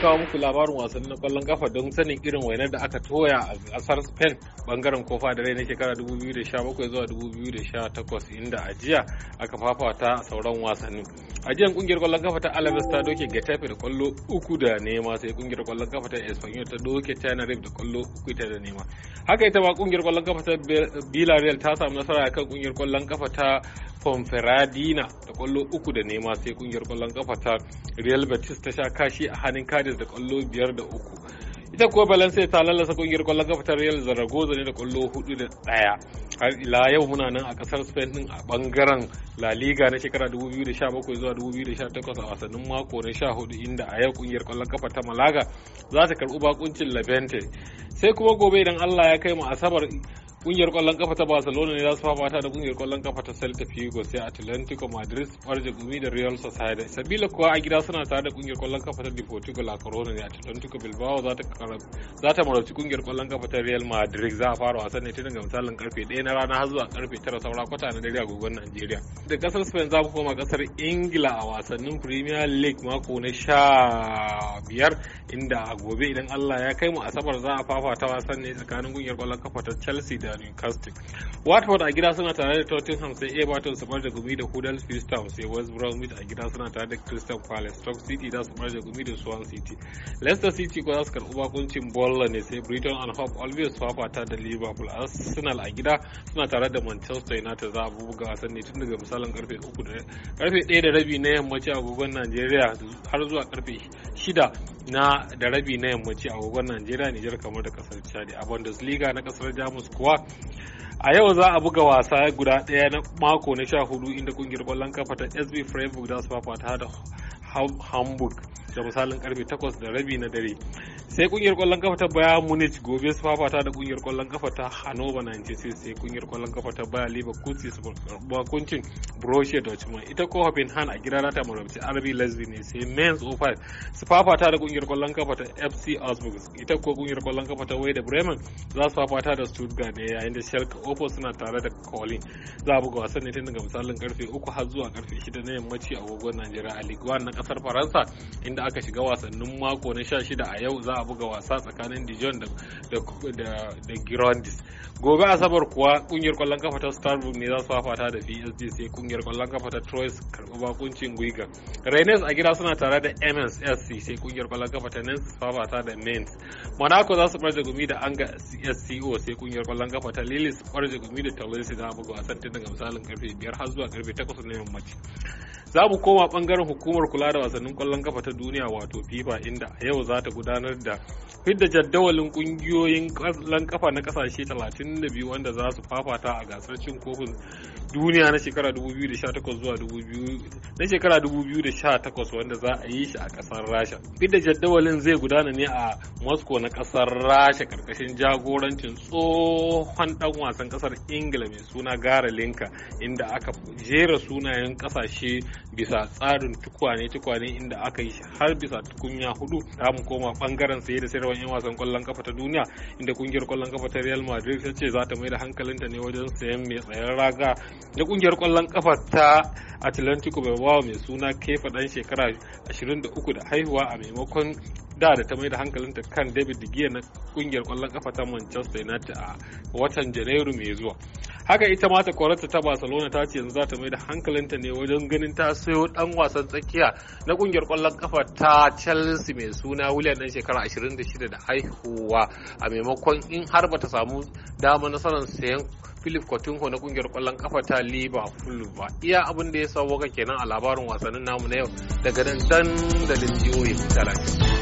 kawo muku labarin wasannin kwallon kafa don sanin irin wainar da aka toya a kasar Spain bangaren kofa da rai na shekara 2017 zuwa 2018 inda a jiya aka fafata sauran wasannin. A jiyan kungiyar kwallon kafa ta Alaves ta doke Getafe da kwallo uku da nema sai kungiyar kwallon kafa ta Espanyol ta doke Tenerife da kwallo uku da nema. Haka ita ma kungiyar kwallon kafa ta Villarreal ta samu nasara kan kungiyar kwallon kafa ta Fonferradina da kwallo uku da nema sai kungiyar kwallon kafa ta Real Betis ta sha kashi a hannun Cadiz da kwallo biyar da uku. Ita kuwa Valencia ta lalasa kungiyar kwallon kafa ta Real Zaragoza ne da kwallo hudu da ɗaya. Har ila yau muna nan a kasar Spain din a bangaren La Liga na shekara 2017 zuwa 2018 a wasannin mako na 14 inda a yau kungiyar kwallon kafa ta Malaga za ta karɓi bakuncin Levante. Sai kuma gobe idan Allah ya kai mu Asabar kungiyar kwallon kafa ta barcelona ne za su fafata da kungiyar kwallon kafa ta celta figo sai atlantico madrid barge gumi da real sociedad sabila kuwa a gida suna tare da kungiyar kwallon kafa ta deportivo la corona ne atlantico bilbao za ta marauci kungiyar kwallon kafa ta real madrid za a fara wasan ne tunan ga misalin karfe 1 na rana har zuwa karfe tara saura kwata na dare agogon nigeria da kasar spain za mu koma kasar ingila a wasannin premier league mako na sha biyar inda a gobe idan allah ya kai mu asabar za a fafata wasan ne tsakanin kungiyar kwallon kafa ta chelsea da da Newcastle. Watford a gida suna tare da Tottenham sai Everton su bar da gumi da Huddersfield Town sai West Bromwich a gida suna tare da Crystal Palace. Stoke City za su bar da gumi da Swan City. Leicester City ko za su karɓi bakuncin Bolla ne sai Brighton and Hove Albion su fafata da Liverpool. Arsenal a gida suna tare da Manchester United za a buga wasan ne tun daga misalin karfe 3 da karfe 1 da rabi na yammaci agogon nigeria har zuwa karfe 6 na da rabi na yammaci agogon nigeria Nijar kamar da kasar chadi a Bundesliga na kasar Jamus kuwa a yau za a buga wasa guda ɗaya na mako na sha hudu inda kungiyar ƙwallon kafa ta sb freiburg za su fafata da hamburg da misalin karfe 8 da rabi na dare sai kungiyar kwallon kafa ta baya munich gobe su fafata da kungiyar kwallon kafa ta hannover 96 sai kungiyar kwallon kafa ta baya leverkusen su bakuncin borussia dortmund ita copenhagen a gida nata marabci rb lesbi ne sai mainz 05 su fafata da kungiyar kwallon kafa ta fc augsburg ita ko kungiyar kwallon kafa ta wai da bremen za su fafata da stuttgart ne yayin da schalke 04 suna tare da kolin za a buga wasan ne tun daga misalin karfe 3 har zuwa karfe 6 na yammaci a gogon najeriya a ligue 1 na kasar faransa inda da aka shiga wasannin mako na 16 a yau za a buga wasa tsakanin Dijon da da Girondis gobe asabar kuwa kungiyar kwallon kafa ta Starbuck ne za su fafata da psd sai kungiyar kwallon kafa ta Troyes karɓi bakuncin guiga Rennes a gida suna tare da MSSC sai kungiyar kwallon kafa ta Nantes fafata da Mainz Monaco za su barje gumi da Anga csco sai kungiyar kwallon kafa ta Lille su barje gumi da Toulouse za a buga wasan tun daga misalin karfe 5 har zuwa karfe 8 na yammaci za mu koma bangaren hukumar kula da wasannin kwallon kafa ta duniya wato fifa inda a yau za ta gudanar da fidda jaddawalin kungiyoyin kwallon kafa na kasashe 32 wanda za su fafata a gasar cin kofin duniya na shekara 2018 zuwa 2000 na shekara 2018 wanda za a yi shi a kasar rasha fidda jaddawalin zai gudana ne a moscow na kasar rasha karkashin jagorancin tsohon dan wasan kasar ingila mai suna gara linka inda aka jera sunayen kasashe bisa tsarin tukwane-tukwane inda aka yi har bisa tukunya hudu ta mu koma bangaren saye da sayarwar 'yan wasan kwallon kafa ta duniya inda kungiyar kwallon kafa ta real madrid ta ce za ta mai da hankalinta ne wajen sayan mai tsayen raga na kungiyar kwallon kafa ta atlantico bilbao mai suna kefa dan shekara 23 da haihuwa a maimakon da da ta mai da hankalinta kan david de na kungiyar kwallon kafa ta manchester united a watan janairu mai zuwa haka ita ma ta kwararta ta barcelona ta ce yanzu za ta mai da hankalinta ne wajen ganin ta sayo dan wasan tsakiya na kungiyar kwallon kafa ta chelsea mai suna william dan shekara 26 da haihuwa a maimakon in har ta samu dama nasarar sayan philip coutinho na kungiyar kwallon kafa ta liverpool ba iya abin da ya sauwaka kenan a labarin wasannin namu na yau daga nan dandalin jihohin talatin